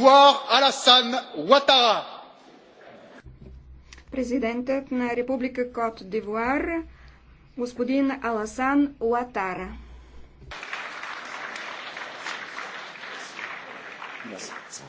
voir Alassane Ouattara. Президентът на Република Кот Дивуар, господин Аласан Уатара. Yes.